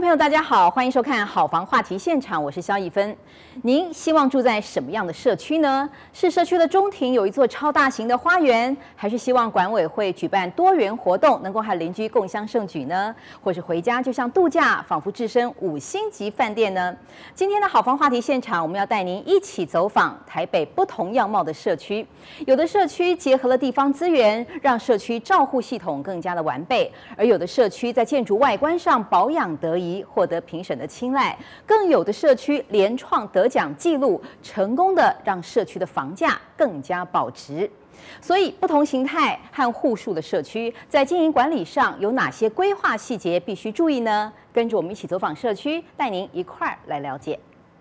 朋友，大家好，歡迎收看《好房話題現場》，我是蕭裔芬。您希望住在什麼樣的社區呢？是社區的中庭有一座超大型的花園，還是希望管委會舉辦多元活動，能夠和鄰居共襄盛舉呢？或是回家就像度假，仿佛置身五星級飯店呢？今天的《好房話題現場》，我們要帶您一起走訪台北不同樣貌的社區。有的社區結合了地方資源，讓社區照護系統更加的完備；而有的社區在建築外觀上保養得宜。獲得評審的青睞，更有的社區連創得獎記錄，成功的讓社區的房價更加保值。所以，不同形態和戶數的社區，在經營管理上有哪些規劃細節必須注意呢？跟着我們一起走訪社區，帶您一塊兒來了解。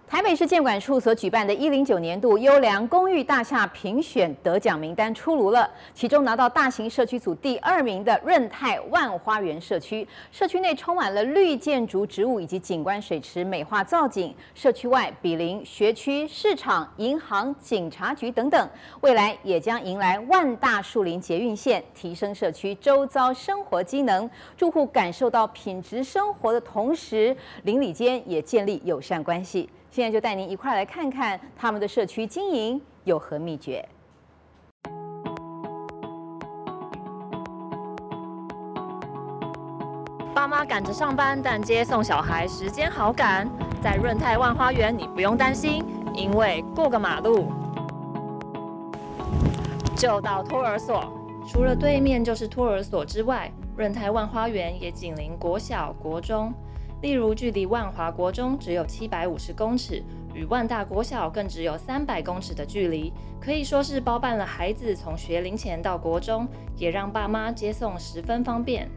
台北市建管處所舉辦的109年度優良公寓大廈評選得獎名單出爐了，其中拿到大型社區組第二名的潤泰萬花園社區，社區內充滿了綠建築植物以及景觀水池美化造景，社區外毗鄰學區、市場、銀行、警察局等等，未來也將迎來萬大樹林捷運線，提升社區周遭生活機能，住戶感受到品質生活的同時，鄰里間也建立友善關係。現在就帶您一塊來看看他們的社區經營有何秘訣。爸媽趕着上班，但接送小孩時間好趕，在潤泰萬花園你不用擔心，因為過個馬路就到托兒所。除了對面就是托兒所之外，潤泰萬花園也緊鄰國小、國中。例如，距離萬華國中只有七百五十公尺，與萬大國小更只有三百公尺的距離，可以說是包辦了孩子從學齡前到國中，也讓爸媽接送十分方便。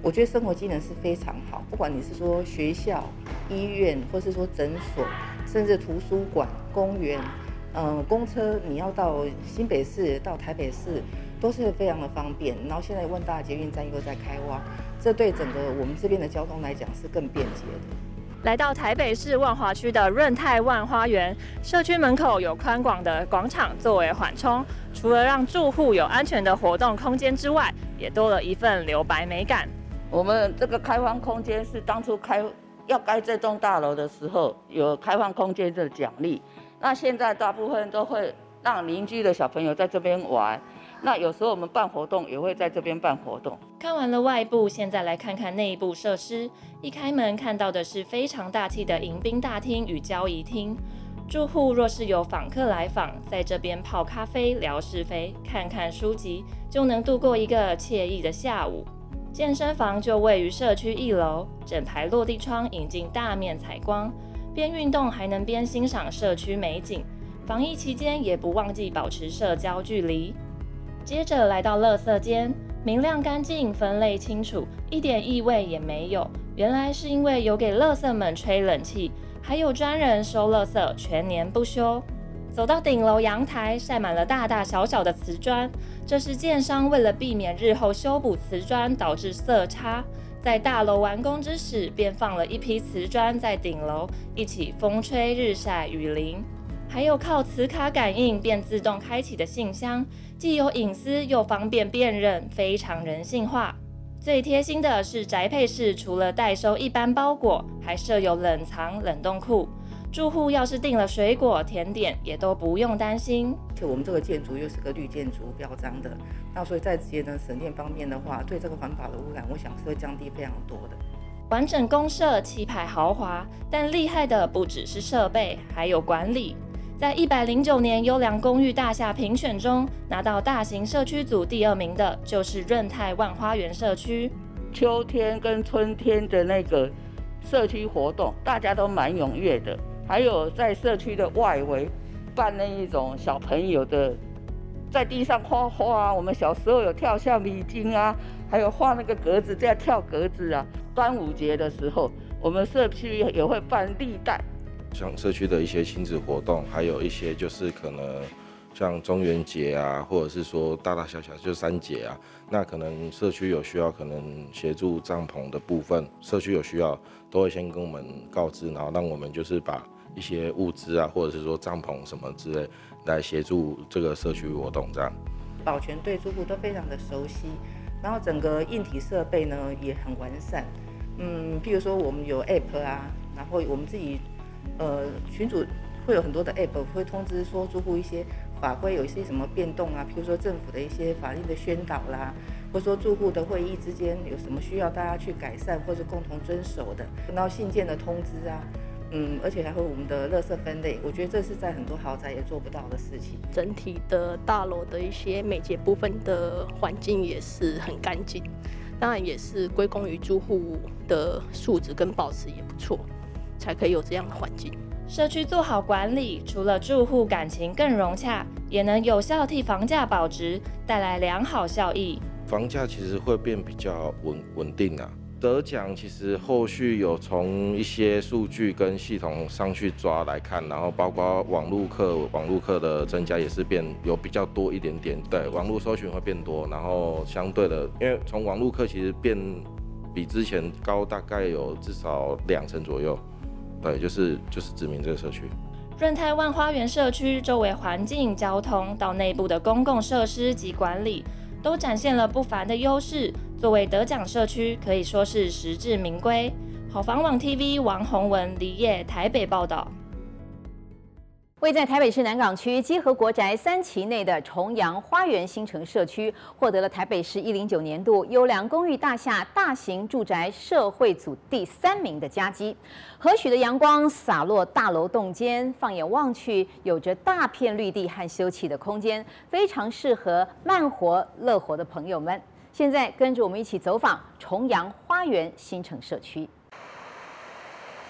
我覺得生活機能是非常好，不管你是說學校、醫院，或是說診所，甚至圖書館、公園，嗯、呃，公車你要到新北市、到台北市，都是非常的方便。然後現在萬大捷運站又在開挖。這對整個我們這邊的交通來講是更便捷的。來到台北市萬華區的潤泰萬花園社區門口，有寬廣的廣場作為緩衝，除了讓住戶有安全的活動空間之外，也多了一份留白美感。我們這個開放空間是當初開要蓋這棟大樓的時候有開放空間的獎勵，那現在大部分都會讓鄰居的小朋友在這邊玩。那有時候我們辦活動也會在這邊辦活動。看完了外部，現在來看看內部設施。一開門看到的是非常大氣的迎賓大廳與交誼廳。住戶若是有訪客來訪，在這邊泡咖啡、聊是非、看看書籍，就能度過一個愜意的下午。健身房就位於社區一樓，整排落地窗引進大面採光，邊運動還能邊欣賞社區美景。防疫期間也不忘記保持社交距離。接着來到垃圾間，明亮乾淨，分類清楚，一點異味也沒有。原來是因為有給垃圾們吹冷氣，還有專人收垃圾，全年不休。走到頂樓陽台，曬滿了大大小小的瓷磚。這是建商為了避免日後修補瓷磚導致色差，在大樓完工之時便放了一批瓷磚在頂樓，一起風吹日曬雨淋。還有靠磁卡感應便自動開啟的信箱，既有隱私又方便辨認，非常人性化。最貼心的是宅配室，除了代收一般包裹，還設有冷藏、冷凍庫。住戶要是訂了水果、甜點，也都不用擔心。我們這個建築又是個綠建築標章的，那所以在節能省電方面的話，對這個環保的污染，我想是會降低非常多的。完整公設氣派豪華，但厲害的不只是設備，還有管理。在一百零九年優良公寓大廈評選中，拿到大型社區組第二名的就是潤泰萬花園社區。秋天跟春天的那個社區活動，大家都蠻踴躍的。還有在社區的外圍辦那一種小朋友的，在地上畫畫啊。我們小時候有跳橡皮筋啊，還有畫那個格子這樣跳格子啊。端午節的時候，我們社區也會辦歷代。像社區的一些親子活動，還有一些就是可能像中元節啊，或者是說大大小小就三節啊，那可能社區有需要，可能協助帳篷的部分，社區有需要都會先跟我們告知，然後讓我們就是把一些物資啊，或者是說帳篷什麼之類，來協助這個社區活動這樣。保全對住戶都非常的熟悉，然後整個硬體設備呢也很完善，嗯，譬如說我們有 app 啊，然後我們自己。呃，群組會有很多的 app 會通知說住戶一些法規有一些什麼變動啊，譬如說政府的一些法律的宣導啦、啊，或者說住戶的會議之間有什麼需要大家去改善或者共同遵守的，然後信件的通知啊，嗯，而且還會我們的垃圾分類，我覺得這是在很多豪宅也做不到的事情。整體的大樓的一些每節部分的環境也是很乾淨，當然也是歸功於住戶的素質跟保持也不錯。才可以有這樣的環境。社區做好管理，除了住戶感情更融洽，也能有效替房價保值，帶來良好效益。房價其實會變比較穩穩定啊，得獎其實後續有從一些數據跟系統上去抓來看，然後包括網絡客網絡客的增加也是變有比較多一點點，對，網絡搜尋會變多，然後相對的，因為從網絡客其實變比之前高大概有至少兩成左右。對，就是就是指明這個社區，潤泰萬花園社區周圍環境、交通到內部的公共設施及管理，都展現了不凡的優勢。作為得獎社區，可以說是實至名歸。好房網 TV 王宏文、李業台北報道。位在台北市南港區基河國宅三期內的重陽花園新城社區，獲得了台北市一零九年度優良公寓大廈大型住宅社會組第三名的佳績。和煦的陽光灑落大樓棟間，放眼望去，有着大片綠地和休憩的空間，非常適合慢活樂活的朋友們。現在，跟着我們一起走訪重陽花園新城社區。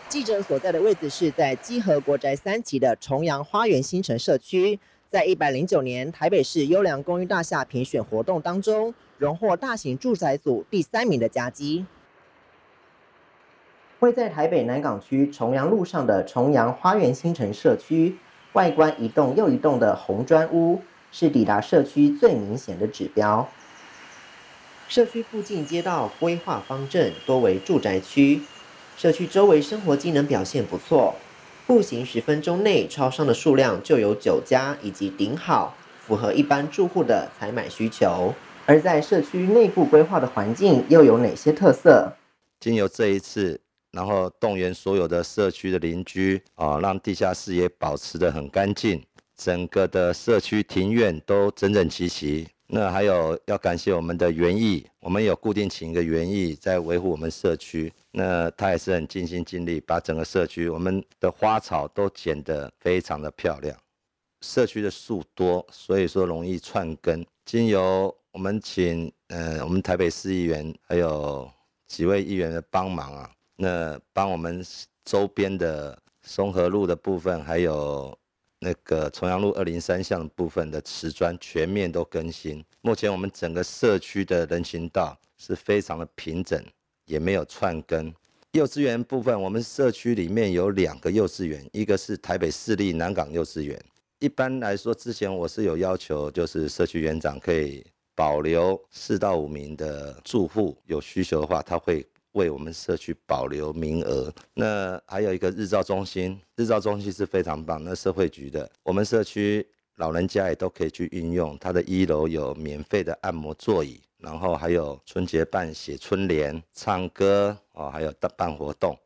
記者所在的位置是在基河國宅三期的重陽花園新城社區，在一百零九年台北市優良公寓大廈評選活動當中，榮獲大型住宅組第三名的佳績。位在台北南港區重陽路上的重陽花園新城社區，外觀一棟又一棟的紅磚屋，是抵達社區最明顯的指標。社區附近街道規劃方正，多為住宅區。社區周圍生活機能表現不錯，步行十分鐘內，超商的數量就有九家，以及頂好，符合一般住戶的採買需求。而在社區內部規劃的環境又有哪些特色？經由這一次，然後動員所有的社區的鄰居啊、哦，讓地下室也保持得很乾淨，整個的社區庭院都整整齊齊。那還有要感謝我們的園藝，我們有固定請一個園藝在維護我們社區，那他也是很盡心盡力，把整個社區我們的花草都剪得非常的漂亮。社區的樹多，所以說容易串根。經由我們請呃我們台北市議員還有幾位議員的幫忙啊，那幫我們週邊的松和路的部分還有。那個重陽路二零三巷部分的瓷磚全面都更新，目前我們整個社區的人行道是非常的平整，也沒有竄根。幼稚園部分，我們社區裡面有兩個幼稚園，一個是台北市立南港幼稚園。一般來說，之前我是有要求，就是社區園長可以保留四到五名的住戶，有需求的話，他會。為我們社區保留名額。那還有一個日照中心，日照中心是非常棒。那社會局的我們社區老人家也都可以去運用。它的一樓有免費的按摩座椅，然後還有春節辦寫春聯、唱歌哦，還有辦活動。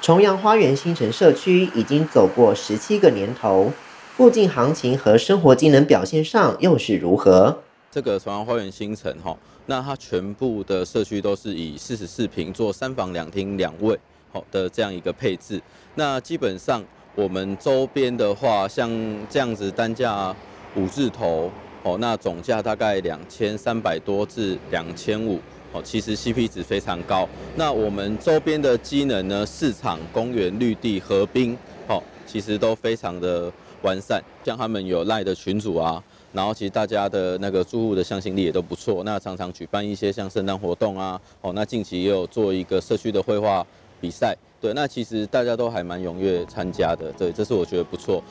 重陽花園新城社區已經走過十七個年頭，附近行情和生活機能表現上又是如何？這個重陽花園新城哈、哦。那它全部的社區都是以四十四平做三房兩廳兩衛，好的這樣一個配置。那基本上我們周邊的話，像這樣子單價五字頭，哦，那總價大概兩千三百多至兩千五，哦，其實 CP 值非常高。那我們周邊的機能呢，市場、公園、綠地、河濱，哦，其實都非常的完善。像他們有 Line 的群組啊。然後其實大家的那個住戶的向心力也都不錯，那常常舉辦一些像聖誕活動啊，哦，那近期也有做一個社區的繪畫比賽，對，那其實大家都還蠻踴躍參加的，對，這是我覺得不錯。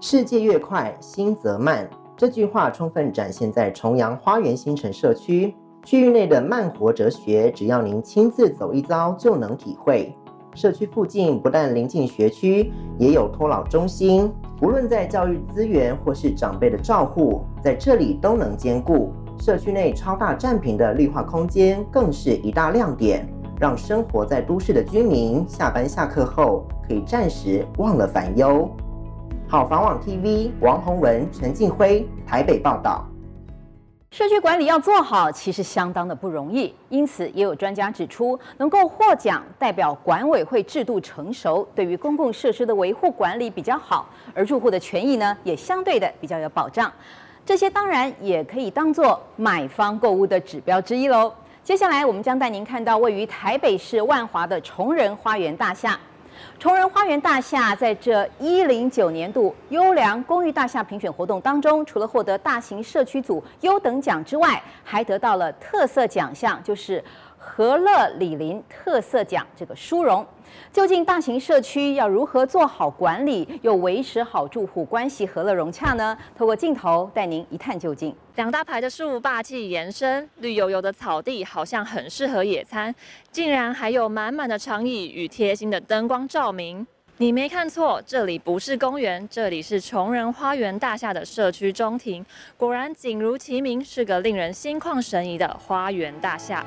世界越快，心則慢，這句話充分展現在重陽花園新城社區區域內的慢活哲學，只要您親自走一遭就能體會。社區附近不但臨近學區，也有托老中心。無論在教育資源或是長輩的照護，在這裡都能兼顧。社區內超大佔坪的綠化空間更是一大亮點，讓生活在都市的居民下班下課後可以暫時忘了煩憂。好房網 TV，王洪文、陳靜輝，台北報道。社區管理要做好，其實相當的不容易。因此，也有專家指出，能夠獲獎代表管委會制度成熟，對於公共設施的維護管理比較好，而住戶的權益呢，也相對的比較有保障。這些當然也可以當做買方購物的指標之一嘍。接下來，我們將帶您看到位於台北市萬華的崇仁花園大廈。同仁花園大廈在這一零九年度優良公寓大廈評選活動當中，除了獲得大型社區組優等獎之外，還得到了特色獎項，就是。和樂李林特色獎這個殊榮，究竟大型社區要如何做好管理，又維持好住戶關係和樂融洽呢？透過鏡頭帶您一探究竟。兩大排的樹霸氣延伸，綠油油的草地好像很適合野餐，竟然還有滿滿的長椅與貼心的燈光照明。你沒看錯，這裡不是公園，這裡是崇仁花園大廈的社區中庭。果然，景如其名，是個令人心曠神怡的花園大廈。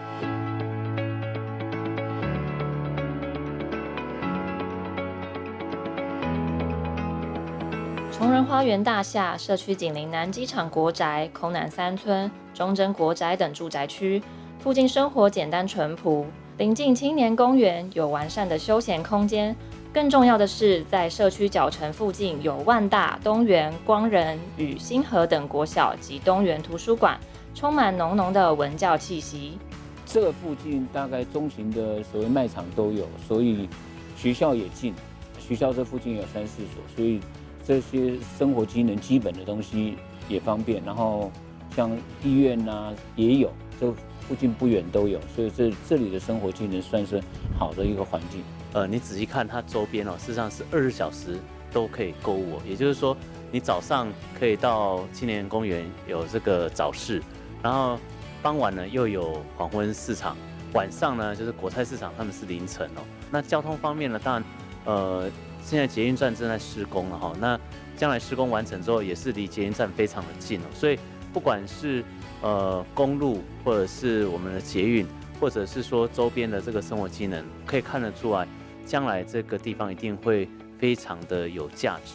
同仁花園大廈社區緊鄰南機場國宅、空南三村、中正國宅等住宅區，附近生活簡單淳樸。臨近青年公園，有完善的休閒空間。更重要的是，在社區腳程附近有萬大、東園、光仁與新河等國小及東園圖書館，充滿濃濃的文教氣息。這附近大概中型的所謂賣場都有，所以學校也近。學校這附近有三四所，所以。這些生活機能基本的東西也方便，然後像醫院呢、啊、也有，這附近不遠都有，所以這這裡的生活機能算是好的一個環境。呃，你仔細看它周邊哦，事實上是20小時都可以購物，哦，也就是說你早上可以到青年公園有這個早市，然後傍晚呢又有黃昏市場，晚上呢就是果菜市場，他們是凌晨哦。那交通方面呢，當然呃。現在捷運站正在施工了哈，那將來施工完成之後，也是離捷運站非常的近，所以不管是呃公路或者是我們的捷運，或者是說周邊的這個生活機能，可以看得出來，將來這個地方一定會非常的有價值。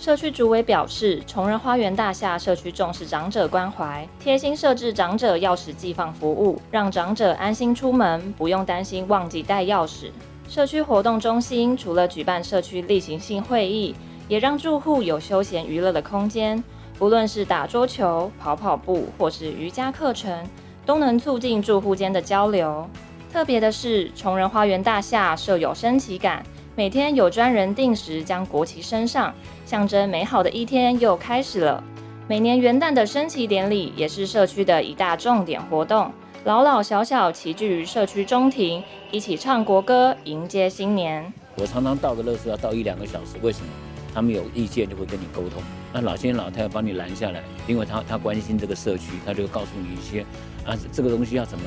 社區主委表示，崇仁花園大廈社區重視長者關懷，貼心設置長者鑰匙寄放服務，讓長者安心出門，不用擔心忘記帶鑰匙。社區活動中心除了舉辦社區例行性會議，也讓住戶有休閒娛樂的空間。不論是打桌球、跑跑步，或是瑜伽課程，都能促進住戶間的交流。特別的是，崇仁花園大廈設有升旗桿，每天有專人定時將國旗升上，象徵美好的一天又開始了。每年元旦的升旗典禮也是社區的一大重點活動。老老小小齊聚於社區中庭，一起唱國歌，迎接新年。我常常倒個垃圾要倒一兩個小時，為什麼？他們有意見就會跟你溝通，那老先生、老太太幫你攔下來，因為他他關心這個社區，他就告訴你一些啊，這個東西要怎麼，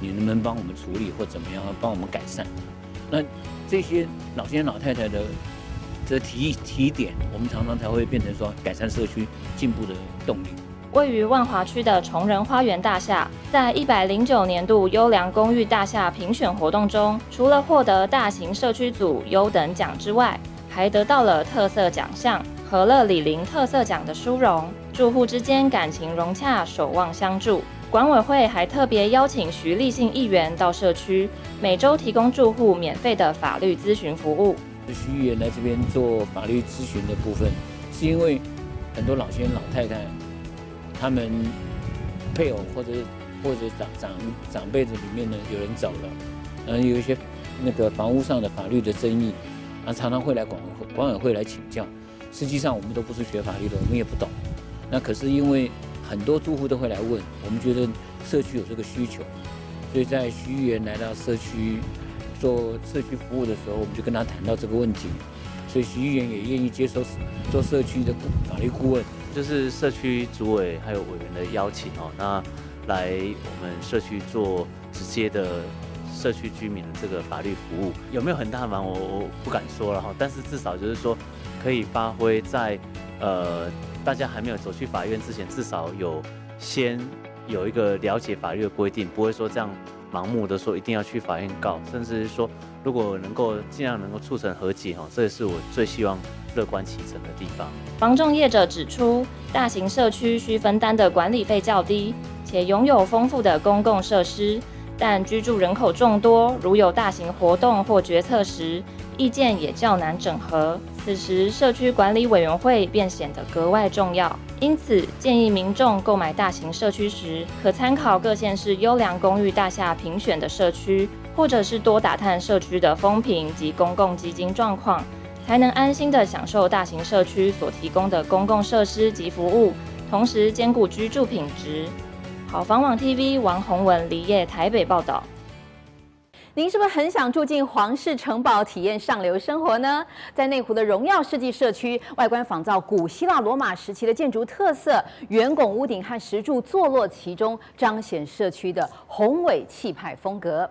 你能不能幫我們處理或怎麼樣幫我們改善？那這些老先生、老太太的這提、個、提點，我們常常才會變成說改善社區進步的動力。位於萬華區的崇仁花園大廈，在一百零九年度優良公寓大廈評選活動中，除了獲得大型社區組優等獎之外，還得到了特色獎項——和樂李林特色獎的殊榮。住戶之間感情融洽，守望相助。管委會還特別邀請徐立信議員到社區，每週提供住戶免費的法律諮詢服務。徐議員來這邊做法律諮詢的部分，是因為很多老先生、老太太。他們配偶，或者或者長長長輩子裡面呢，有人走了，嗯，有一些那個房屋上的法律的爭議，啊，常常會來管管委會來請教。實際上我們都不是學法律的，我們也不懂。那可是因為很多住戶都會來問，我們覺得社區有這個需求，所以在徐議員來到社區做社區服務的時候，我們就跟他談到這個問題。所以徐議員也願意接受做社區的法律顧問。就是社區主委還有委員的邀請哦，那來我們社區做直接的社區居民的這個法律服務，有沒有很大的忙我我不敢說了哈，但是至少就是說可以發揮在呃大家還沒有走去法院之前，至少有先有一個了解法律的規定，不會說這樣盲目的說一定要去法院告，甚至是說如果能夠儘量能夠促成和解哈，這也是我最希望。樂觀其成的地方。房仲業者指出，大型社區需分擔的管理費較低，且擁有豐富的公共設施，但居住人口眾多，如有大型活動或決策時，意見也較難整合。此時，社區管理委員會便顯得格外重要。因此，建議民眾購買大型社區時，可參考各縣市優良公寓大廈評選的社區，或者是多打探社區的風評及公共基金狀況。才能安心地享受大型社區所提供的公共設施及服務，同時兼顧居住品質。好房網 TV 王宏文、李業台北報道。您是不是很想住進皇室城堡，體驗上流生活呢？在內湖的榮耀世紀社區，外觀仿造古希臘羅馬時期的建築特色，圓拱屋頂和石柱坐落其中，彰顯社區的宏偉氣派風格。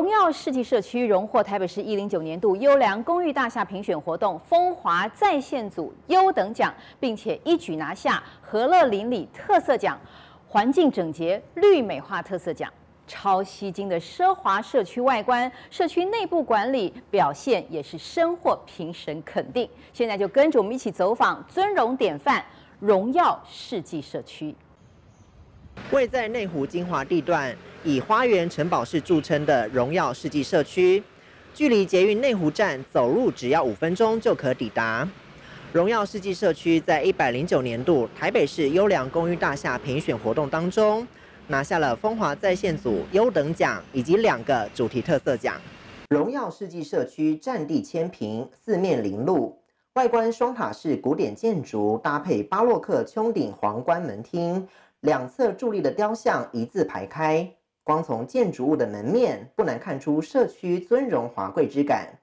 榮耀世紀社區榮獲台北市一零九年度優良公寓大廈評選活動風華再現組優等獎，並且一舉拿下和樂鄰里特色獎、環境整潔綠美化特色獎。超吸睛的奢華社區外觀，社區內部管理表現也是深獲評審肯定。現在就跟着我們一起走訪尊榮典範榮耀世紀社區。位在內湖精華地段，以花園城堡式著稱的榮耀世紀社區，距離捷運內湖站走路只要五分鐘就可抵達。榮耀世紀社區在一百零九年度台北市優良公寓大廈評選活動當中，拿下了風華在線組優等獎以及兩個主題特色獎。榮耀世紀社區占地千坪，四面臨路，外觀雙塔式古典建築，搭配巴洛克穹頂、皇冠門廳。兩側佇立的雕像一字排開，光從建築物的門面不難看出社區尊榮華貴之感。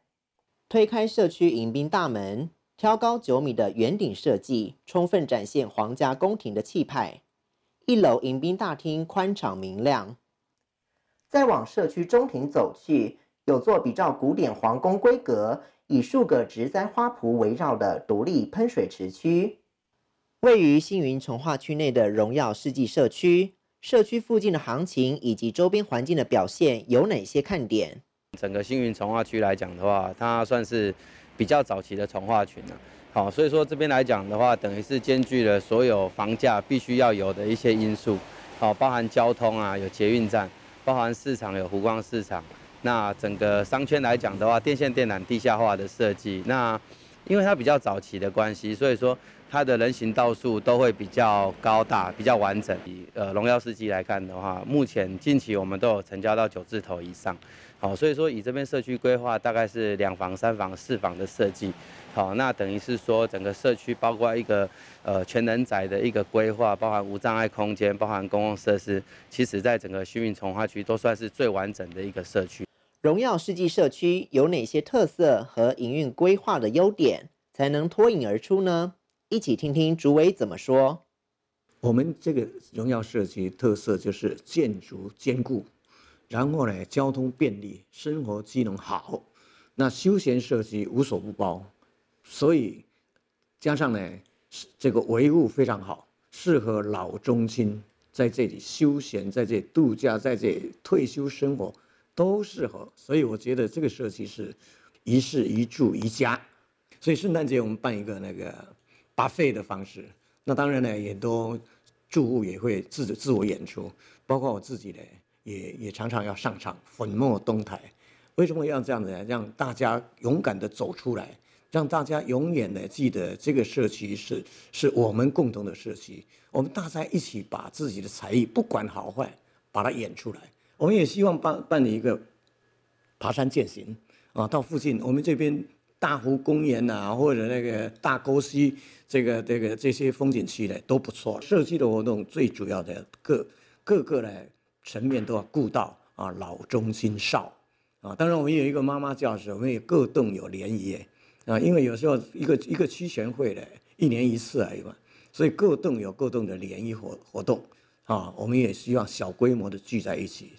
推開社區迎賓大門，挑高九米的圓頂設計，充分展現皇家宮廷的氣派。一樓迎賓大廳寬敞明亮。再往社區中庭走去，有座比照古典皇宮規格，以數個植栽花圃圍繞的獨立噴水池區。位於星雲重劃區內的榮耀世紀社區，社區附近的行情以及周邊環境的表現有哪些看點？整個星雲重劃區來講的話，它算是比較早期的重劃群了，啊。好，哦，所以說這邊來講的話，等於是兼具了所有房價必須要有的一些因素，好，哦，包含交通啊，有捷運站，包含市場有湖光市場，那整個商圈來講的話，電線電纜地下化的設計，那因為它比較早期的關係，所以說。它的人行道樹都會比較高大，比較完整。以呃榮耀世紀來看的話，目前近期我們都有成交到九字頭以上。好，所以說以這邊社區規劃大概是兩房、三房、四房的設計。好，那等於是說整個社區包括一個呃全人宅的一個規劃，包含無障礙空間，包含公共設施，其實在整個徐運重劃區都算是最完整的一個社區。榮耀世紀社區有哪些特色和營運規劃的優點，才能脫穎而出呢？一起聽聽主委怎麼說。我們這個榮耀社區特色就是建築堅固，然後呢，交通便利，生活機能好，那休閒設施無所不包，所以加上呢這個維護非常好，適合老中青在這裡休閒，在這裡度假，在這裡退休生活都適合，所以我覺得這個社區是一室一住一家，所以聖誕節我們辦一個那個。花費的方式，那當然呢，也都住戶也會自自我演出，包括我自己呢，也也常常要上場粉墨登台。為什麼要這樣子呢？讓大家勇敢的走出來，讓大家永遠的記得這個社區是是我們共同的社區，我們大家一起把自己的才藝不管好壞，把它演出來。我們也希望辦辦理一個爬山健行啊，到附近我們這邊。大湖公園啊，或者那個大溝溪，這個這個這些風景區呢都不錯。社區的活動最主要的各各個的層面都要顧到啊，老中青少啊。當然，我們有一個媽媽教室，我們也各棟有聯誼，啊，因為有時候一個一個區權會的，一年一次而已嘛，所以各棟有各棟的聯誼活活動啊，我們也希望小規模的聚在一起。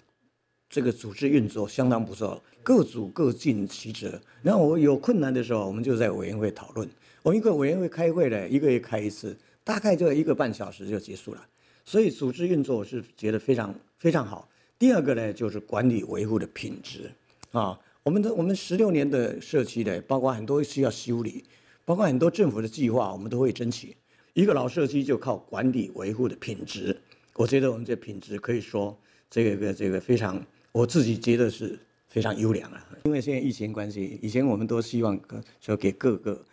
這個組織運作相當不錯，各組各盡其責。然後我有困難的時候，我們就在委員會討論。我們一個委員會開會呢，一個月開一次，大概就一個半小時就結束了。所以組織運作我是覺得非常非常好。第二個呢，就是管理維護的品質啊，我們的我們十六年的社區呢，包括很多需要修理，包括很多政府的計劃，我們都會爭取。一個老社區就靠管理維護的品質，我覺得我們這品質可以說這個一個這個非常。我自己覺得是非常優良了，啊，因為現在疫情關係，以前我們都希望說給各個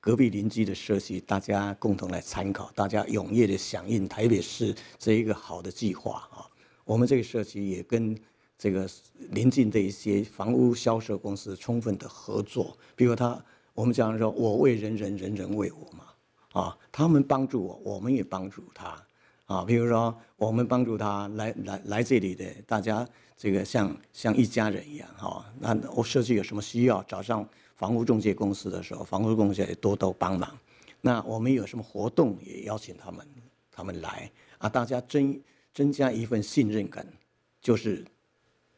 隔壁鄰居的社區，大家共同來參考，大家踴躍的響應台北市這一個好的計劃啊。我們這個社區也跟這個鄰近的一些房屋銷售公司充分的合作，比如他，我們講說我為人人，人人為我嘛，啊，他們幫助我，我們也幫助他，啊，比如說我們幫助他來來來這裡的大家。這個像像一家人一樣哈，那我社區有什麼需要，找上房屋仲介公司的時候，房屋仲介也多多幫忙。那我們有什麼活動，也邀請他們，他們來啊，大家增增加一份信任感，就是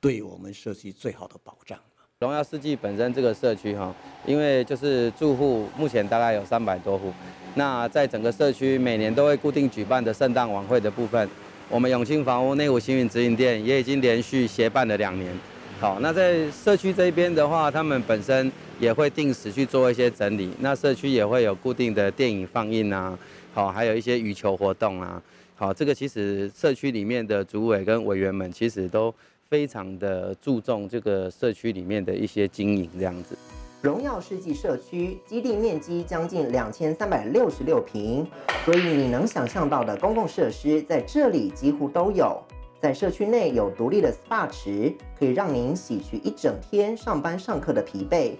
對我們社區最好的保障。榮耀四季本身這個社區哈，因為就是住戶目前大概有三百多戶，那在整個社區每年都會固定舉辦的聖誕晚會的部分。我們永慶房屋內湖幸運直營店也已經連續協辦了兩年。好，那在社區這邊的話，他們本身也會定時去做一些整理。那社區也會有固定的電影放映啊，好，還有一些羽球活動啊。好，這個其實社區裡面的主委跟委員們其實都非常的注重這個社區裡面的一些經營這樣子。榮耀世紀社區基地面積將近兩千三百六十六平，所以你能想象到的公共設施在這裡幾乎都有。在社區內有獨立的 SPA 池，可以讓您洗去一整天上班上課的疲憊。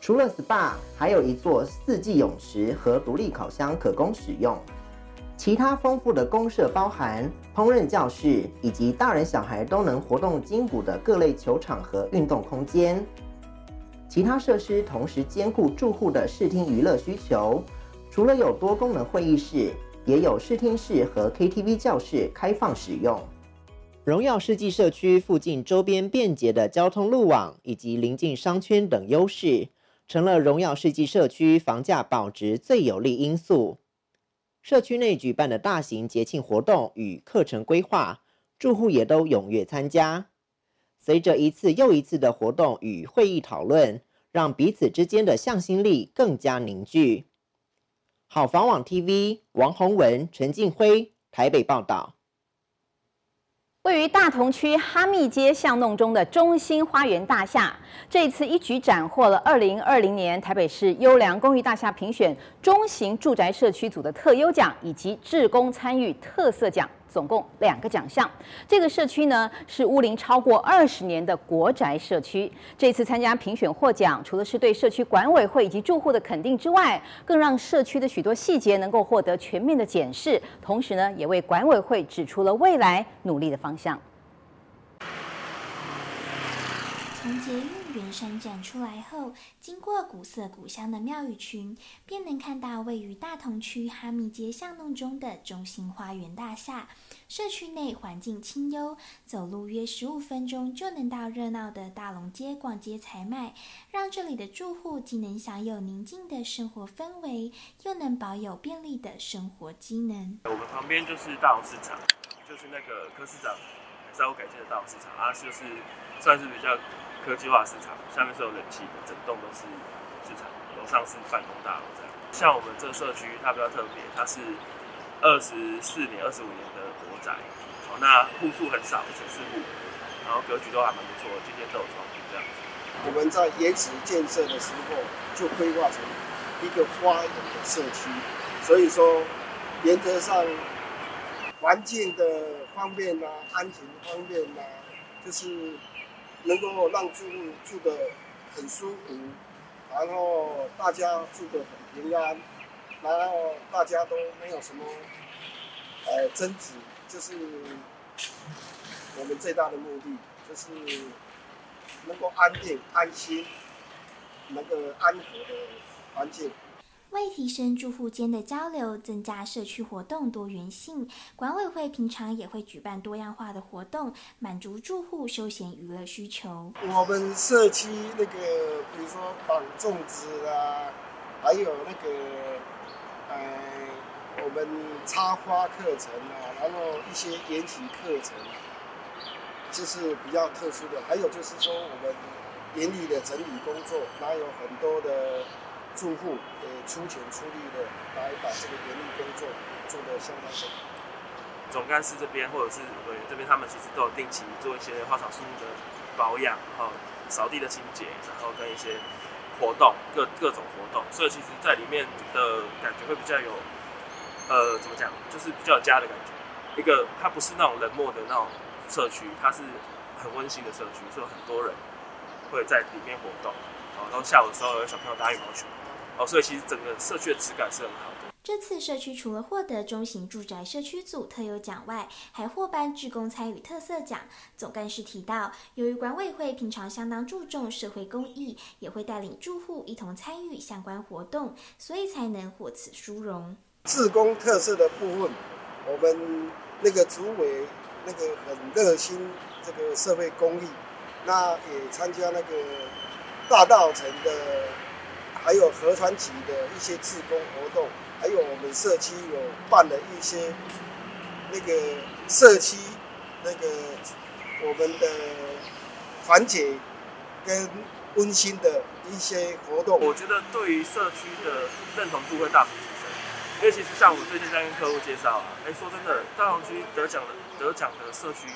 除了 SPA，還有一座四季泳池和獨立烤箱可供使用。其他豐富的公設包含烹飪教室，以及大人小孩都能活動筋骨的各類球場和運動空間。其他設施同時兼顧住戶的視聽娛樂需求，除了有多功能會議室，也有視聽室和 KTV 教室開放使用。榮耀世紀社區附近周邊便捷的交通路網以及鄰近商圈等優勢，成了榮耀世紀社區房價保值最有利因素。社區內舉辦的大型節慶活動與課程規劃，住戶也都踴躍參加。隨着一次又一次的活動與會議討論，讓彼此之間的向心力更加凝聚。好房網 TV，王宏文、陳靜輝，台北報道。位於大同區哈密街巷弄中的中心花園大廈，這次一舉斬獲了二零二零年台北市優良公寓大廈評選中型住宅社區組的特優獎以及志工參與特色獎。總共兩個獎項，這個社區呢，是屋齡超過二十年的國宅社區。這次參加評選獲獎，除了是對社區管委會以及住戶的肯定之外，更讓社區的許多細節能夠獲得全面的檢視，同時呢，也為管委會指出了未來努力的方向。原山展出來後，經過古色古香的廟宇群，便能看到位於大同區哈密街巷弄中的中心花園大廈。社區內環境清幽，走路約十五分鐘就能到熱鬧的大龍街逛街採買，讓這裡的住戶既能享有寧靜的生活氛圍，又能保有便利的生活機能。我們旁邊就是大龍市場，就是那個柯市長，災後改建的大龍市場啊，就是算是比較。科技化市場，下面是有冷氣的，整棟都是市場，樓上是辦公大樓這樣。像我們這個社區，它比較特別，它是二十四年、二十五年的國宅，好，那戶數很少，只是戶，然後格局都還蠻不錯，今天都有窗這樣。我們在原始建設的時候，就規劃成一個花園的社區，所以說原則上環境的方便吶、啊，安全的方便吶、啊，就是。能夠讓住戶住的很舒服，然後大家住的很平安，然後大家都沒有什麼呃爭執，就是我們最大的目的，就是能夠安定、安心、能夠安和的環境。為提升住戶間的交流，增加社區活動多元性。管委會平常也會舉辦多樣化的活動，滿足住戶休閒娛樂需求。我們社區那個，比如說綁粽子啦，還有那個、呃，我們插花課程啊，然後一些園藝課程，啊，這，就是比較特殊的。還有就是說，我們園裡的整理工作，還有很多的。住戶呃、欸、出錢出力的來把，把這個園藝工作做的相當的，總幹事這邊或者是委員這邊，他們其實都有定期做一些花草樹木的保養哈，掃地的清潔，然後跟一些活動各各種活動，所以其實在裡面的感覺會比較有呃怎麼講，就是比較有家的感覺。一個它不是那種冷漠的那種社區，它是很溫馨的社區，所以很多人會在裡面活動，然後下午的時候有小朋友打羽毛球。好，所以其實整個社區的質感是很好的。這次社區除了獲得中型住宅社區組特優獎外，還獲頒志工參與特色獎。總幹事提到，由於管委會平常相當注重社會公益，也會帶領住戶一同參與相關活動，所以才能獲此殊榮。志工特色的部分，我們那個組委那個很熱心這個社會公益，那也參加那個大道城的。還有河川局的一些志工活動，還有我們社區有辦了一些那個社區那個我們的團結跟溫馨的一些活動。我覺得對於社區的認同度會大幅提升，因為其實像我最近在跟客戶介紹，哎、欸，說真的，大同區得獎的得獎的社區，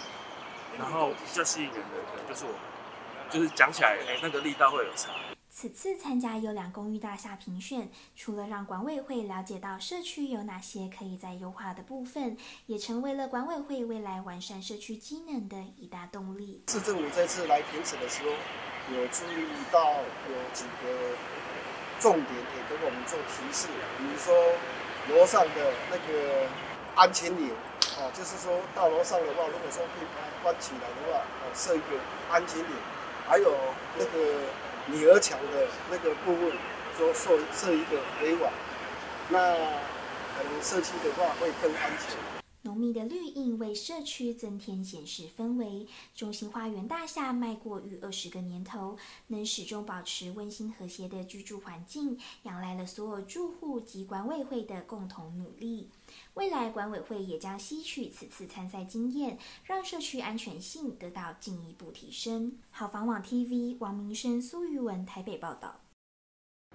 然後比較吸引人的可能就是我們，就是講起來，哎、欸，那個力道會有差。此次參加優良公寓大廈評選，除了讓管委會了解到社區有哪些可以再優化的部分，也成為了管委會未來完善社區機能的一大動力。市政府這次來評審的時候，有注意到有幾個重點，也給我們做提示，比如說樓上的那個安全鈕啊，就是說到樓上的話，如果說可以關起來的話，啊，設一個安全鈕，還有那個。女兒牆的那個部分說設設一個圍網，那，可能社區的話會更安全。濃密的綠蔭為社區增添閒適氛圍。中心花園大廈邁過逾二十個年頭，能始終保持溫馨和諧的居住環境，養來了所有住戶及管委會的共同努力。未來管委會也將吸取此次參賽經驗，讓社區安全性得到進一步提升。好房網 TV 王明生、蘇宇文台北報道。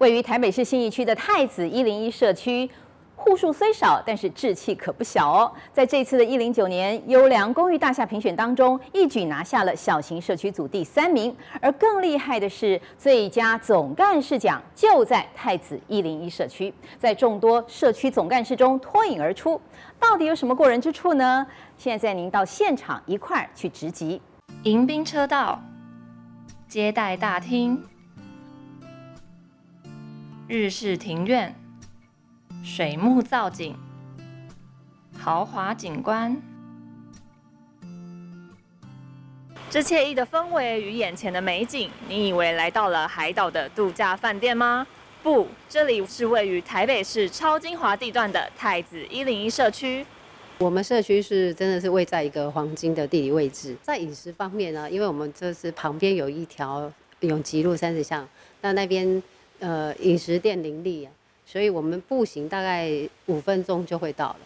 位於台北市信義區的太子一零一社區。戶數雖少，但是志氣可不小哦！在這次的“一零九年優良公寓大廈評選”當中，一舉拿下了小型社區組第三名。而更厲害的是，最佳總幹事獎就在太子一零一社區，在眾多社區總幹事中脫穎而出。到底有什麼過人之處呢？現在您到現場一塊兒去直擊。迎賓車道，接待大廳，日式庭院。水木造景，豪華景觀，這愜意的氛圍與眼前的美景，你以為來到了海島的度假飯店嗎？不，這裡是位於台北市超精華地段的太子一零一社區。我們社區是真的是位在一個黃金的地理位置，在飲食方面呢、啊，因為我們這是旁邊有一條永吉路三十巷，那那邊呃飲食店林立、啊。所以，我們步行大概五分鐘就會到了。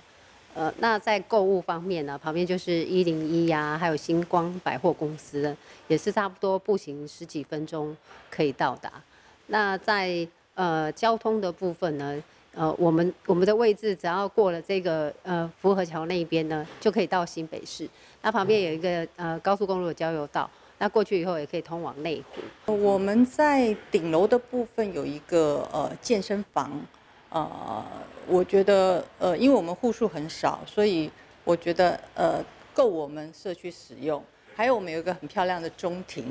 呃，那在購物方面呢，旁邊就是一零一呀，還有星光百貨公司呢，也是差不多步行十幾分鐘可以到達。那在呃交通的部分呢，呃，我們我們的位置只要過了這個呃福和橋那一邊呢，就可以到新北市。那旁邊有一個呃高速公路的交流道。那過去以後也可以通往內湖。我們在頂樓的部分有一個呃健身房，呃，我覺得呃，因為我們戶數很少，所以我覺得呃夠我們社區使用。還有我們有一個很漂亮的中庭，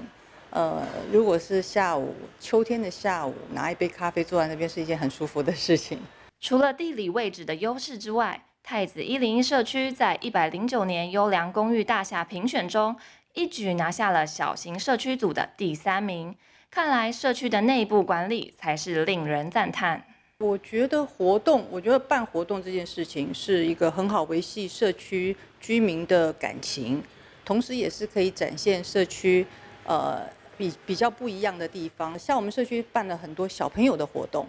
呃，如果是下午秋天的下午，拿一杯咖啡坐在那邊是一件很舒服的事情。除了地理位置的優勢之外，太子一零一社區在一百零九年優良公寓大廈評選中。一舉拿下了小型社區組的第三名，看來社區的內部管理才是令人讚嘆。我覺得活動，我覺得辦活動這件事情是一個很好維繫社區居民的感情，同時也是可以展現社區，呃，比比較不一樣的地方。像我們社區辦了很多小朋友的活動，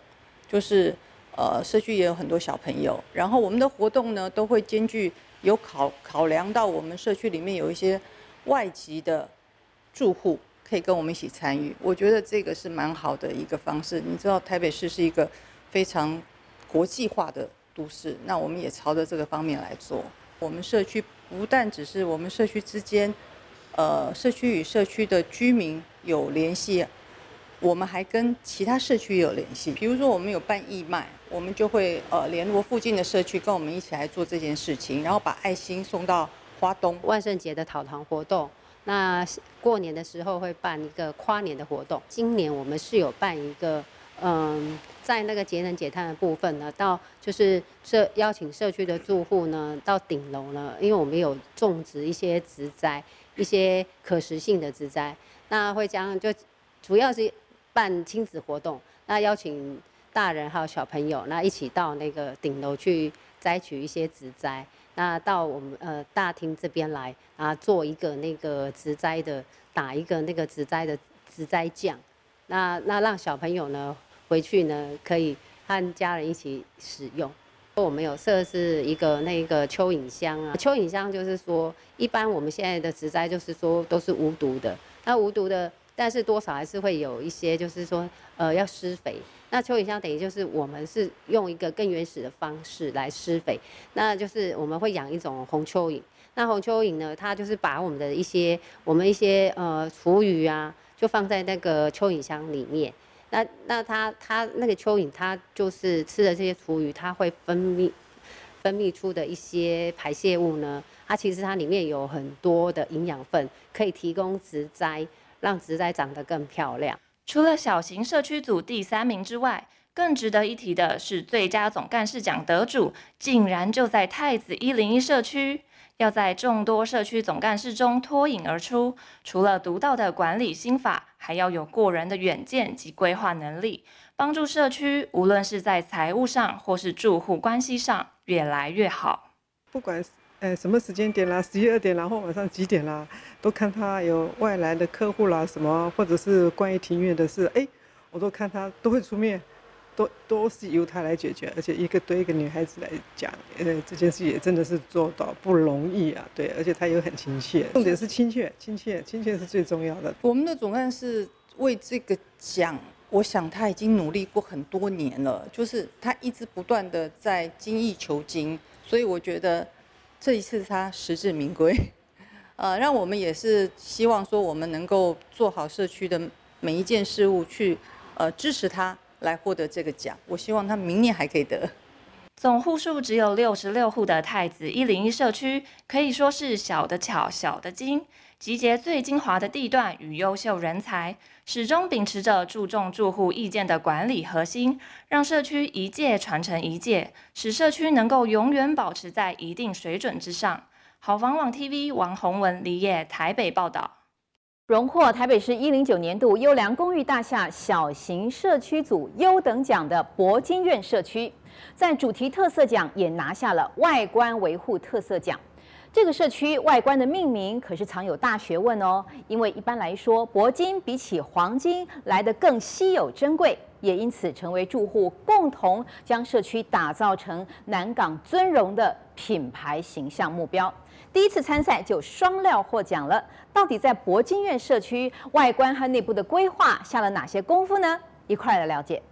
就是，呃，社區也有很多小朋友，然後我們的活動呢都會兼具有考考量到我們社區裡面有一些。外籍的住戶可以跟我們一起參與，我覺得這個是蠻好的一個方式。你知道台北市是一個非常國際化的都市，那我們也朝着這個方面來做。我們社區不但只是我們社區之間，呃，社區與社區的居民有聯繫，我們還跟其他社區也有聯繫。比如說我們有辦義賣，我們就會呃聯絡附近的社區，跟我們一起來做這件事情，然後把愛心送到。花燈、萬聖節的討糖活動，那過年的時候會辦一個跨年的活動。今年我們是有辦一個，嗯，在那個節能減碳的部分呢，到就是社邀請社區的住戶呢到頂樓呢，因為我們有種植一些植栽，一些可食性的植栽，那會將就主要是辦親子活動，那邀請大人還有小朋友，那一起到那個頂樓去摘取一些植栽。那到我們呃大廳這邊來啊，做一個那個植栽的，打一個那個植栽的植栽醬。那那讓小朋友呢回去呢，可以和家人一起使用。我們有設置一個那個蚯蚓箱啊，蚯蚓箱就是說，一般我們現在的植栽就是說都是無毒的，那無毒的，但是多少還是會有一些，就是說。呃，要施肥。那蚯蚓箱等於就是我們是用一個更原始的方式來施肥，那就是我們會養一種紅蚯蚓。那紅蚯蚓呢，它就是把我們的一些我們一些呃廚餘啊，就放在那個蚯蚓箱裡面。那那它它那個蚯蚓，它就是吃的這些廚餘，它會分泌分泌出的一些排泄物呢，它其實它裡面有很多的營養分，可以提供植栽，讓植栽長得更漂亮。除了小型社區組第三名之外，更值得一提的是最佳總幹事獎得主竟然就在太子一零一社區。要在眾多社區總幹事中脫穎而出，除了獨到的管理心法，還要有過人的遠見及規劃能力，幫助社區無論是在財務上或是住戶關係上越來越好。不管。哎、欸，什麼時間點啦？十一二點啦，然後晚上幾點啦？都看他有外來的客戶啦，什麼或者是關於庭院的事，哎、欸，我都看他都會出面，都都是由他來解決。而且一個對一個女孩子來講，呃、欸，這件事也真的是做到不容易啊，對。而且他又很親切，重點是親切，親切，親切是最重要的。我們的總幹事為這個獎，我想他已經努力過很多年了，就是他一直不斷的在精益求精，所以我覺得。這一次他實至名歸，呃，讓我們也是希望說我們能夠做好社區的每一件事務，去呃支持他來獲得這個獎。我希望他明年還可以得。總戶數只有六十六戶的太子一零一社區，可以說是小的巧、小的精，集結最精華的地段與優秀人才，始終秉持着注重住戶意見的管理核心，讓社區一屆傳承一屆，使社區能夠永遠保持在一定水準之上。好房網 TV 王洪文、李野台北報道。榮獲台北市一零九年度優良公寓大廈小型社區組優等獎的鉑金苑社區，在主題特色獎也拿下了外觀維護特色獎。這個社區外觀的命名可是藏有大學問哦，因為一般來說，鉑金比起黃金來得更稀有珍貴，也因此成為住戶共同將社區打造成南港尊榮的品牌形象目標。第一次參賽就雙料獲獎了，到底在博金苑社區外觀和內部的規劃下了哪些功夫呢？一塊來了解。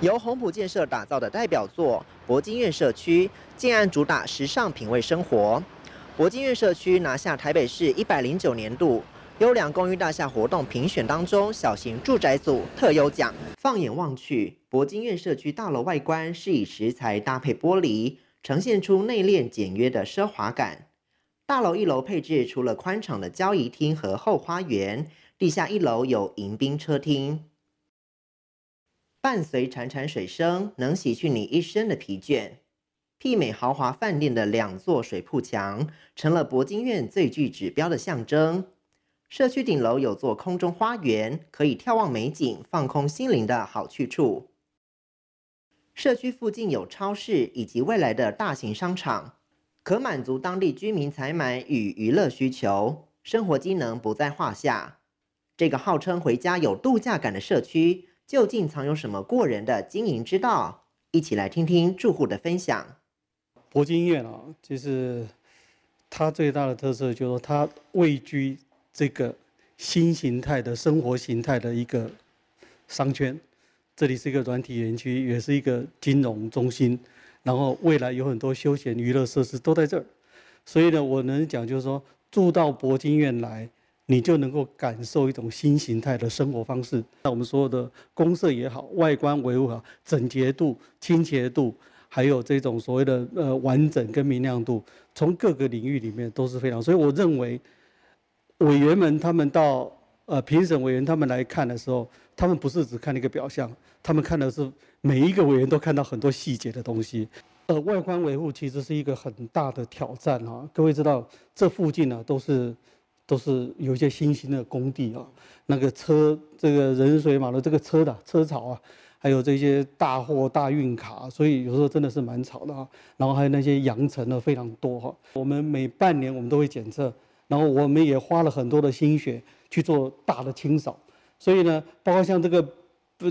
由宏普建設打造的代表作——博金苑社區，建案主打時尚品味生活。博金苑社區拿下台北市一百零九年度優良公寓大廈活動評選當中小型住宅組特優獎。放眼望去，博金苑社區大樓外觀是以石材搭配玻璃。呈現出內斂簡約的奢華感。大樓一樓配置除了寬敞的交誼廳和後花園，地下一樓有迎賓車廳。伴隨潺潺水聲，能洗去你一身的疲倦。媲美豪華飯店的兩座水瀑牆，成了鉑金苑最具指標的象徵。社區頂樓有座空中花園，可以眺望美景、放空心靈的好去處。社區附近有超市以及未來的大型商場，可滿足當地居民採買與娛樂需求，生活機能不在話下。這個號稱“回家有度假感”的社區，究竟藏有什麼過人的經營之道？一起來聽聽住戶的分享。鉑金苑哦，就是它最大的特色，就是它位居這個新形態的生活形態的一個商圈。這裡是一個軟體園區，也是一個金融中心，然後未來有很多休閒娛樂設施都在這兒，所以呢，我能講就是說，住到鉑金院來，你就能夠感受一種新形態的生活方式。那我們所有的公設也好，外觀維護好，整潔度、清潔度，還有這種所謂的呃完整跟明亮度，從各個領域裡面都是非常。所以我認為，委員們他們到。呃，評審委員他們來看的時候，他們不是只看那個表象，他們看的是每一個委員都看到很多細節的東西。呃，外觀維護其實是一個很大的挑戰啊！各位知道，這附近呢、啊、都是都是有一些新興的工地啊，那個車，這個人水馬路，這個車的車吵啊，還有這些大貨大運卡，所以有時候真的是蠻吵的啊。然後還有那些揚塵呢非常多哈、啊，我們每半年我們都會檢測，然後我們也花了很多的心血。去做大的清掃，所以呢，包括像這個，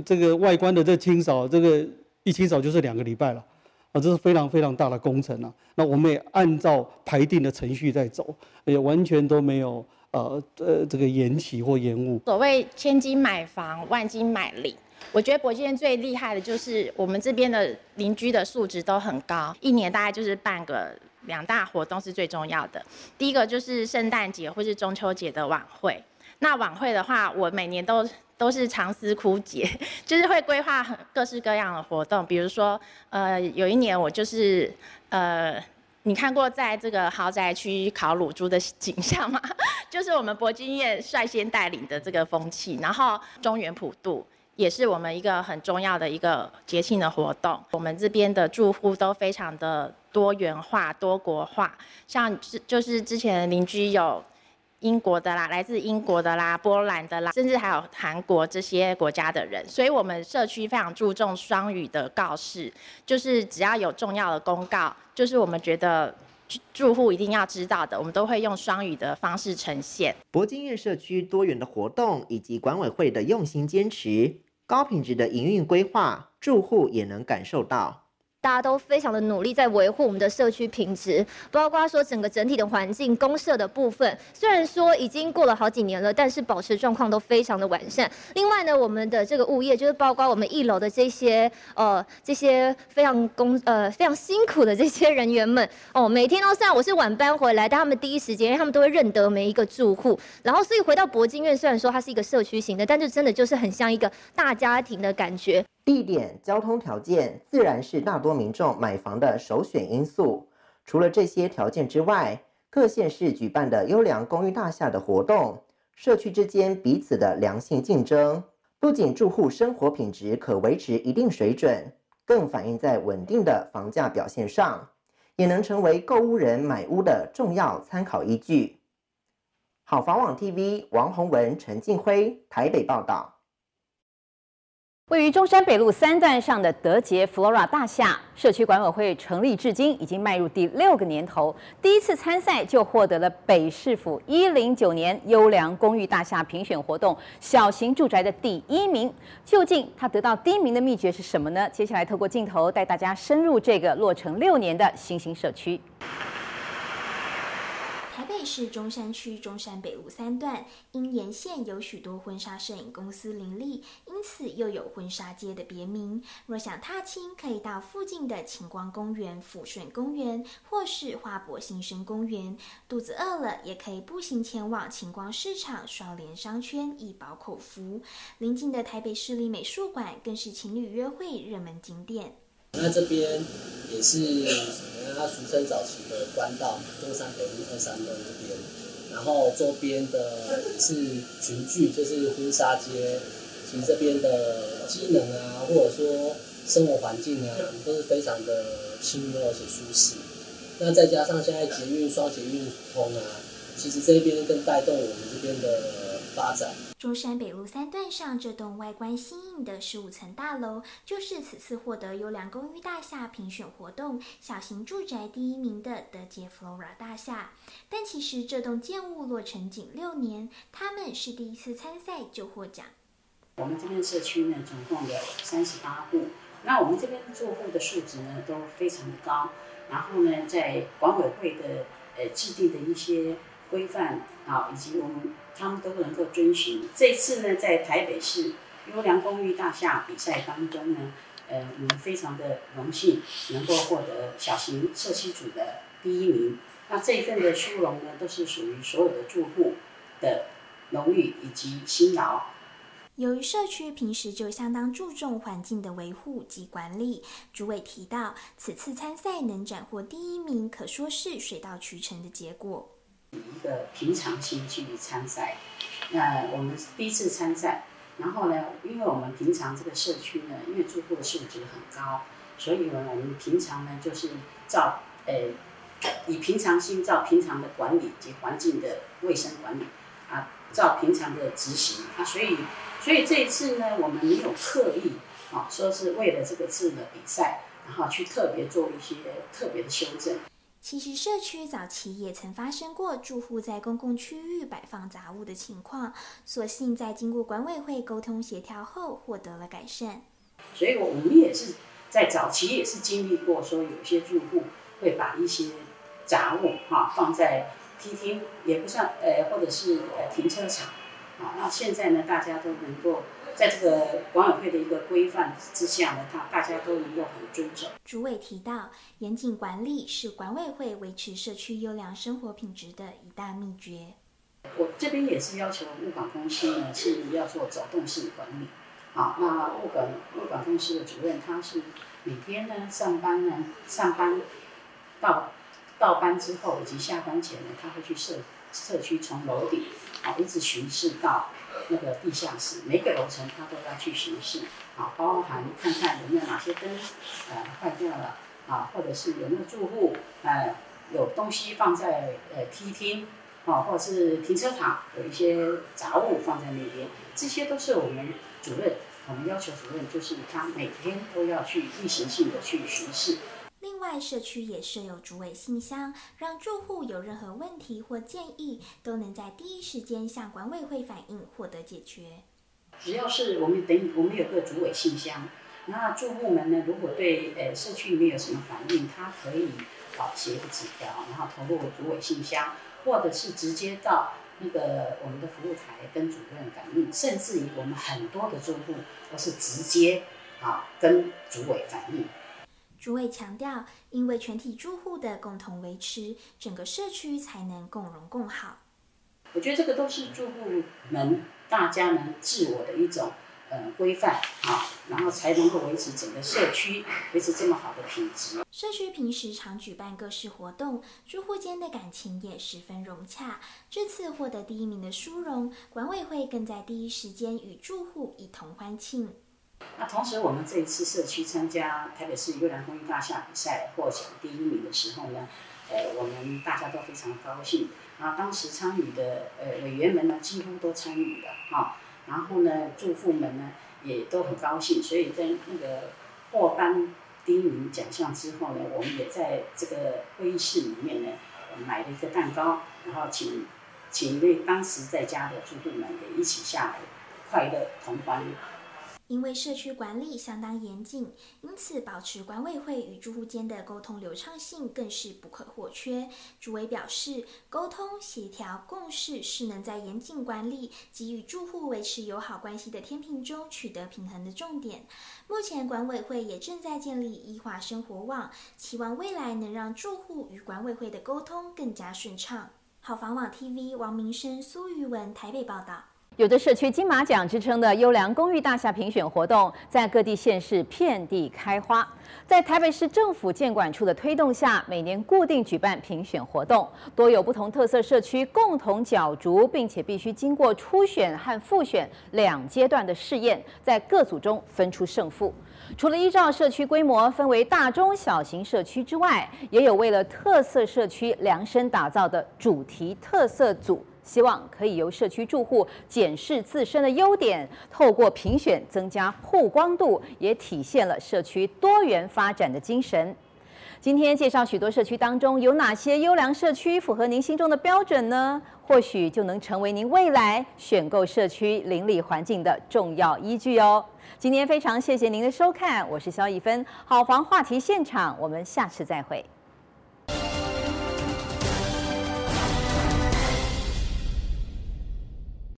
這個外觀的這清掃，這個一清掃就是兩個禮拜了，啊，這是非常非常大的工程了，啊。那我們也按照排定的程序在走，也完全都沒有呃呃這個延期或延誤。所謂千金買房，萬金買鄰，我覺得伯堅最厲害的就是我們這邊的鄰居的素質都很高。一年大概就是辦個兩大活動是最重要的，第一個就是聖誕節或是中秋節的晚會。那晚會的話，我每年都都是常思枯竭，就是會規劃很各式各樣的活動。比如說，呃，有一年我就是，呃，你看過在這個豪宅區烤乳豬的景象嗎？就是我們博金苑率先帶領的這個風氣。然後，中元普渡也是我們一個很重要的一個節慶的活動。我們這邊的住戶都非常的多元化、多國化，像是就是之前鄰居有。英國的啦，來自英國的啦，波蘭的啦，甚至還有韓國這些國家的人，所以我們社區非常注重雙語的告示，就是只要有重要的公告，就是我們覺得住戶一定要知道的，我們都會用雙語的方式呈現。博金苑社區多元的活動以及管委會的用心堅持，高品質的營運規劃，住戶也能感受到。大家都非常的努力，在維護我們的社區品質，包括說整個整體的環境、公社的部分。雖然說已經過了好幾年了，但是保持狀況都非常的完善。另外呢，我們的這個物業就是包括我們一樓的這些呃這些非常工呃非常辛苦的這些人員們哦，每天都雖然我是晚班回來，但他們第一時間，因為他們都會認得每一個住戶。然後所以回到鉑金苑，雖然說它是一個社區型的，但是真的就是很像一個大家庭的感覺。地點、交通條件自然是大多民眾買房的首選因素。除了這些條件之外，各縣市舉辦的優良公寓大廈的活動，社區之間彼此的良性競爭，不僅住戶生活品質可維持一定水準，更反映在穩定的房價表現上，也能成為購屋人買屋的重要參考依據。好房網 TV，王洪文、陳靜輝，台北報道。位於中山北路三段上的德傑 Flora 大廈社區管委會成立至今已經邁入第六個年頭，第一次參賽就獲得了北市府一零九年優良公寓大廈評選活動小型住宅的第一名。究竟他得到第一名的秘訣是什麼呢？接下來透過鏡頭帶大家深入這個落成六年的新興社區。內是中山區中山北路三段，因沿線有許多婚紗攝影公司林立，因此又有婚紗街的別名。若想踏青，可以到附近的晴光公園、撫順公園，或是花博新生公園。肚子餓了，也可以步行前往晴光市場、雙連商圈，一飽口福。臨近的台北市立美術館，更是情侶約會熱門景點。那這邊也是，人家俗稱早期的官道，中山北路、二三樓那邊，然後周邊的也是群聚，就是婚紗街。其實這邊的機能啊，或者說生活環境啊，都是非常的輕鬆而且舒適。那再加上現在捷運雙捷運通啊，其實這邊更帶動我們這邊的發展。中山北路三段上這棟外觀新穎的十五層大樓，就是此次獲得優良公寓大廈評選活動小型住宅第一名的德杰 Flora 大廈。但其實這棟建物落成僅六年，他們是第一次參賽就獲獎。我們這邊社區呢，總共有三十八戶，那我們這邊住戶的數值呢都非常的高。然後呢，在管委會的呃制定的一些規範啊，然後以及我們。他們都能夠遵循。這次呢，在台北市優良公寓大廈比賽當中呢，呃，我們非常的榮幸能夠獲得小型社區組的第一名。那這一份的殊榮呢，都是屬於所有的住戶的榮譽以及辛勞。由於社區平時就相當注重環境的維護及管理，主委提到，此次參賽能斬獲第一名，可說是水到渠成的結果。以一個平常心去參賽，那我們第一次參賽，然後呢，因為我們平常這個社區呢，因為住戶的素質很高，所以呢，我們平常呢就是照呃，以平常心照平常的管理及環境的衛生管理啊，照平常的執行啊，所以所以這一次呢，我們沒有刻意啊說是為了這個次的比賽，然後去特別做一些特別的修正。其實社區早期也曾發生過住戶在公共區域擺放雜物的情況，所幸在經過管委會溝通協調後，獲得了改善。所以，我們也是在早期也是經歷過，說有些住戶會把一些雜物哈、啊、放在梯廳，也不算呃，或者是呃停車場啊。那現在呢，大家都能夠。在這個管委會的一個規範之下呢，大大家都要很遵守。主委提到，嚴謹管理是管委會維持社區優良生活品質的一大秘訣。我這邊也是要求物管公司呢是要做走動式管理。好，那物管物管公司的主任他是每天呢上班呢上班到到班之後以及下班前呢，他會去社社區從樓底啊一直巡視到。那個地下室每個樓層他都要去巡視，啊，包含看看有沒有哪些燈呃壞掉了啊，或者是有沒有住戶呃有東西放在呃梯廳啊，或者是停車場有一些雜物放在那邊，這些都是我們主任，我們要求主任就是他每天都要去例行性的去巡視。另外，社區也設有主委信箱，讓住戶有任何問題或建議，都能在第一時間向管委會反映，獲得解決。只要是我們等於，我們有個主委信箱，那住戶們呢，如果對呃社區裡面有什麼反應，他可以啊寫個紙條，然後投入主委信箱，或者是直接到那個我們的服務台跟主任反映，甚至於我們很多的住戶都是直接啊跟主委反映。主委強調，因為全體住戶的共同維持，整個社區才能共榮共好。我覺得這個都是住戶們大家能自我的一種呃規範啊，然後才能夠維持整個社區維持這麼好的品質。社區平時常舉辦各式活動，住戶間的感情也十分融洽。這次獲得第一名的殊榮，管委會更在第一時間與住戶一同歡慶。那同時，我們這一次社區參加，特別是優良公寓大廈比賽獲獎第一名的時候呢，呃，我們大家都非常高興。啊，當時參與的呃委員們呢，幾乎都參與了哈、哦。然後呢，住戶們呢也都很高興。所以在那個獲頒第一名獎項之後呢，我們也在這個會議室裡面呢買了一個蛋糕，然後請請那當時在家的住戶們也一起下來，快樂同歡。因為社區管理相當嚴謹，因此保持管委會與住戶間的溝通流暢性更是不可或缺。主委表示，溝通、協調、共事是能在嚴謹管理及與住戶維持友好關係的天平中取得平衡的重點。目前管委會也正在建立 E 化生活網，期望未來能讓住戶與管委會的溝通更加順暢。好房網 TV 王明生、蘇玉文台北報道。有着“社區金馬獎”之稱的優良公寓大廈評選活動，在各地縣市遍地開花。在台北市政府建管處的推動下，每年固定舉辦評選活動，多有不同特色社區共同角逐，並且必須經過初選和複選兩階段的試驗，在各組中分出勝負。除了依照社區規模分為大、中、小型社區之外，也有為了特色社區量身打造的主題特色組。希望可以由社區住戶檢視自身的優點，透過評選增加曝光度，也體現了社區多元發展的精神。今天介紹許多社區當中，有哪些優良社區符合您心中的標準呢？或許就能成為您未來選購社區鄰里環境的重要依據哦。今天非常謝謝您的收看，我是蕭裔芬。好房話題現場，我們下次再會。